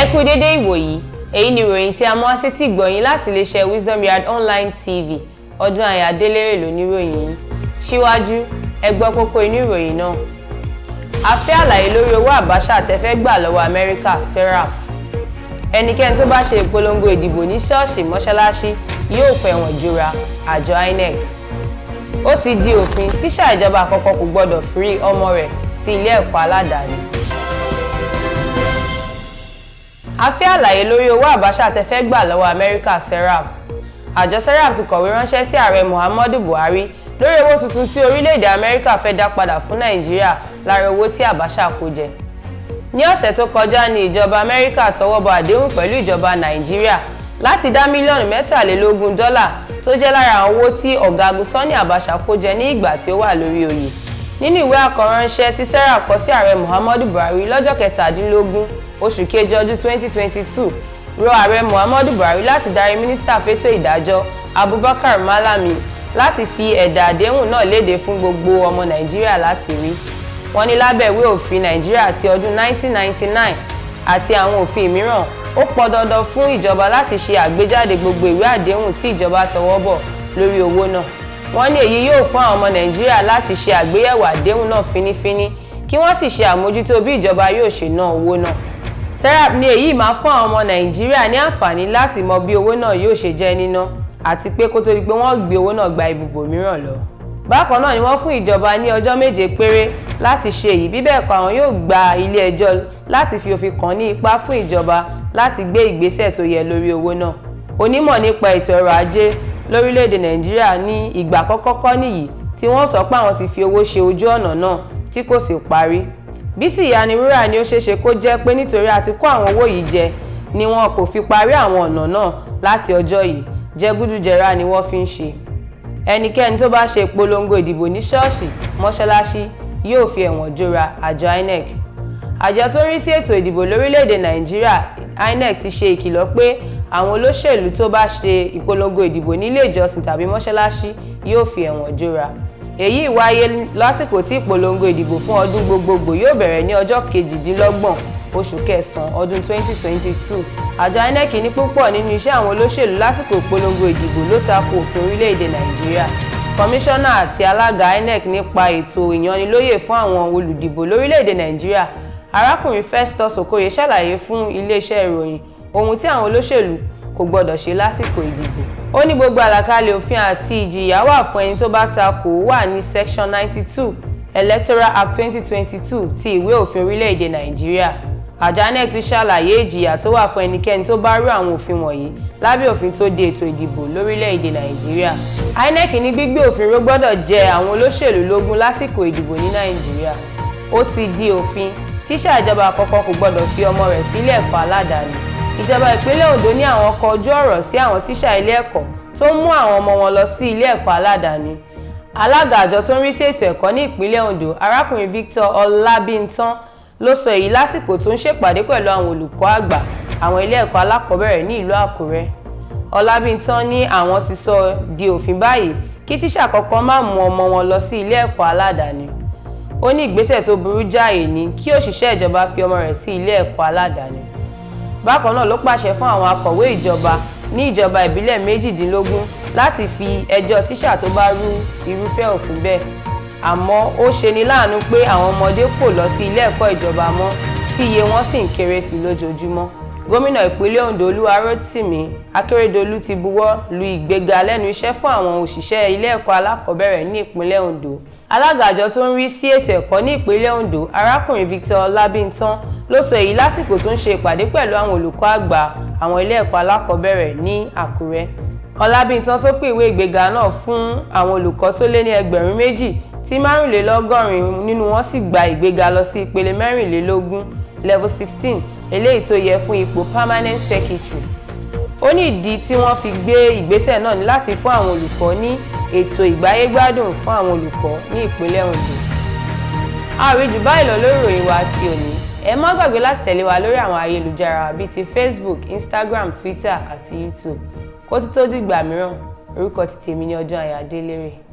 ẹ kú dédé ìwòyí èyí ni ìròyìn tí a mú asétí gbọ̀yìn láti iléeṣẹ́ Wisdom Yard online TV ọdún àyà délérè lóníròyìn yìí síwájú ẹ gbọ́ kókó inú ìròyìn náà a fẹ́ àlàyé lórí owó Abacha tẹ́fẹ́ gbà lọ́wọ́ Amẹ́ríkà serap ẹnikẹ́ni tó bá ṣe ìpolongo ìdìbò ní ṣọ́ọ̀ṣì mọ́ṣáláṣí yóò fẹ̀wọ̀n jura àjọ INEC ó ti di òfin tíṣà ìjọba àkọ́kọ́ kò gbọ́dọ̀ fi ọmọ rẹ̀ sí ilé ẹ̀kọ́ aládàáni a fẹ́ àlàyé lórí owó àbáṣà tẹ́ fẹ́ gbà lọ́wọ́ amẹ́ríkà serap àjọ serap ti kọ̀wé ránṣẹ́ sí ààrẹ muhammadu buhari lórí owó tuntun tí orílẹ̀-èdè amẹ́ríkà fẹ́ dá padà fún nàìjíríà lára owó tí àbáṣà kó jẹ ní ọ̀sẹ̀ tó kọjá ní ìjọba amẹ́ríkà tọwọ́ bọ àdéhùn pẹ̀lú ìjọba nàìjíríà láti dá mílíọ̀nù mẹ́tàlélógún dọ́là tó jẹ́ lára àwọn owó tí ọ̀gágun sani abacha kó jẹ ní ìgbà tí ó wà lórí oyè nínú ìwé àkọránṣẹ́ tí sarah kọ sí ààrẹ muhammadu buhari lọ́jọ́ kẹtàdínlógún oṣù kejì ọdún 2022 rọ ààrẹ muhammadu buhari láti darí mínísítà fétò ìdájọ́ abubakar malami láti fi ẹ̀dà àdéhùn náà léde fún gbogbo ọmọ nàìjíríà láti rí wọ́n ní lábẹ́ ìwé òfin nàìjíríà ti ọdún 1999 àti àwọn òfin mìíràn ó pọn dandan fún ìjọba láti ṣe àgbéjáde gbogbo ìwé àdéhùn tí ìjọba tọwọ́ bọ̀ lórí owó náà wọ́n ní èyí yóò fún àwọn ọmọ nàìjíríà láti ṣe àgbéyẹ̀wò àdéhùn náà fínífíní kí wọ́n sì ṣe àmójútó bí ìjọba yóò ṣe ná owó náà serap ní èyí máa fún àwọn ọmọ nàìjíríà ní àǹfààní láti mọ bí owó náà yóò ṣe jẹ́ níná àti pé kó tó di pé wọ́n gbé owó náà gba ibùgbò mìíràn lọ bákan náà ni wọ́n fún ìjọba ní ọjọ́ méje péré láti ṣe èyí bí bẹ́ẹ̀ kọ́ àwọn yóò gba ilé ẹjọ́ láti fi òfin kàn ní ipá fún ìjọba láti gbé ìgbésẹ̀ tó yẹ lórí owó náà onímọ̀ nípa ètò ọrọ̀ ajé lórílẹ̀‐èdè nàìjíríà ní ìgbà àkọ́kọ́ kọ́ nìyí tí wọ́n sọ pé àwọn ti fi owó ṣe ojú ọ̀nà náà tí kò sì parí bísí ìyaniwúrà ni ó ṣeéṣe kó jẹ́ pé nítorí a ti kó àwọn owó yìí jẹ ni wọn kò fi parí àwọn ọ̀nà náà láti ọjọ́ yìí jẹgúdújẹrá ni wọ́n fi ń ṣe ẹnikẹ́ni tó bá ṣe ìpolongo ìdìbò ní ṣọ́ọ̀ṣì mọ́ṣáláṣí yóò fi ẹ̀wọ̀n jóra àjọ INEC àjọ tó rí sí ètò ìdìbò lórílẹ̀‐èdè nàìjíríà INEC ti ṣe ìkìlọ̀ pé àwọn olóṣèlú tó bá ṣe ìpolongo ìdìbò nílé ìjọsìn tàbí mọ́ṣáláṣí yóò fi ẹ̀wọ̀n jóra èyí wáyé lásìkò tí ìpolongo ìdìbò fún ọdún gbogbogbò yóò bẹ̀rẹ̀ ní ọjọ́ kejìdínlọ́gbọ̀n oṣù kẹsàn-án ọdún 2022 àjọ INEC ní púpọ̀ nínú iṣẹ́ àwọn olóṣèlú lásìkò ìpolongo ìdìbò ló tako òfin orílẹ̀-èdè nàìjíríà kọmíṣánná àti alága INEC nípa ètò ìyanilóye fún àwọn olùdìbò lórílẹ̀-èdè nàìjíríà arákùnrin Festus Okoye ṣàlàyé fún iléeṣẹ́ ìròyìn ohun tí àwọn olóṣèlú kò gbọdọ̀ ṣe lásìkò ìdìbò ó ní gbogbo àlàkalẹ̀ òfin àti ìjìyà wà fún ẹni tó bá takò wà ní section ninety two electoral act twenty twenty two ti ìwé òfin orílẹ̀-èdè nàìjíríà àjánẹ̀ tún ṣàlàyé ìjìyà tó wà fún ẹnikẹ́ni tó bá rú àwọn òfin wọ̀nyí lábẹ́ òfin tó de ètò ìdìbò lórílẹ̀‐èdè nàìjíríà inec ní gbígbé òfin ró gbọ́dọ̀ jẹ àwọn olóṣèlú lógún lásìkò ìdìbò ní nàìjíríà ó ti di òfin tíṣà ìjọba àkọ́kọ́ kò gbọ́dọ̀ fi ọmọ rẹ̀ sílé ẹ̀kọ́ aládàáni ìjọba ìpínlẹ̀ Ondo ní àwọn ọkọ̀ ojú ọ̀rọ̀ sí àwọn tíṣà ilé ẹ̀kọ́ tó ń mú àwọn ọmọ wọn lọ sí ilé ẹ̀kọ́ aládàáni alága àjọ tó ń rí sí ètò ẹ̀kọ́ ní ìpínlẹ̀ Ondo arákùnrin Victor Ọlábìntán ló sọ èyí lásìkò tó ń ṣèpàdé pẹ̀lú àwọn olùkọ́ àgbà àwọn ilé ẹ̀kọ́ alákọ̀ọ́bẹ̀rẹ̀ ní ìlú Àkúrẹ́ Ọlábìntán ní àwọn ti sọ di òfin báyìí kí tíṣà kọ̀ọ̀kan má mú ọmọ wọn lọ sí ilé ẹ̀kọ́ aládàáni ó ní ìgbésẹ̀ tó burú jáì ní kí òṣìṣẹ́ ìjọba fi ọmọ rẹ̀ sí ilé ẹ̀kọ́ aládàáni bákan náà ló pàṣẹ fún àwọn akọ̀wé ìjọba ní ìjọba ìbílẹ̀ méjìdínlógún láti fi ẹjọ́ tíṣà tó bá rú irúfẹ́ òfin bẹ́ẹ̀ àmọ́ ó ṣeni láàánú pé àwọn ọmọdé kò lọ sí ilé ẹ̀kọ́ ìjọba mọ́ tí iye wọn sì ń kéré sí lójoojúmọ́ gómìnà ìpínlẹ̀ Ondo Olúwarótìmí Akérédolú ti buwọ́ lu ìgbéga lẹ́nu iṣẹ́ fún àwọn òṣìṣẹ́ ilé ẹ̀kọ́ alákọ̀ọ́bẹ̀rẹ̀ ní ìpínlẹ̀ Ondo alága àjọ tó ń rí sí ètò ẹ̀kọ́ ní ìpínlẹ̀ Ondo arákùnrin Victor Labintan ló sọ èyí lásìkò tó ń ṣe ìpàdé pẹ̀lú àwọn olùkọ́ àgbà àwọn ilé ẹ̀kọ́ alákọ̀ọ́bẹ̀rẹ̀ ní Àkúrẹ́ Ọlábìntán tó pè ìwé ìgbéga náà fún àwọn olùkọ́ tó lé ní ẹgbẹ̀rún méjì tí márùnlélọ́gọ́rin nínú wọn sì gba ìgbéga lọ sí ìpele mẹ́rìnlélógún level sixteen eléyìí tó yẹ fún ipò permanent secretary ó ní ìdí tí wọ́n fi gbé ìgbésẹ̀ náà ní láti fún àwọn olùkọ́ ní ètò ìgbáyégbádùn fún àwọn olùkọ́ ní ìpínlẹ̀ Ondo àrèjù báyìí lọ lórí ìròyìn wa ti òní ẹ má gbàgbé láti tẹ̀lé wa lórí àwọn ayélujára bíi ti Facebook Instagram Twitter àti YouTube kó tó tó dìgbà mìíràn orúkọ ti tèmi ní Ọdúnayọ̀ Adélérè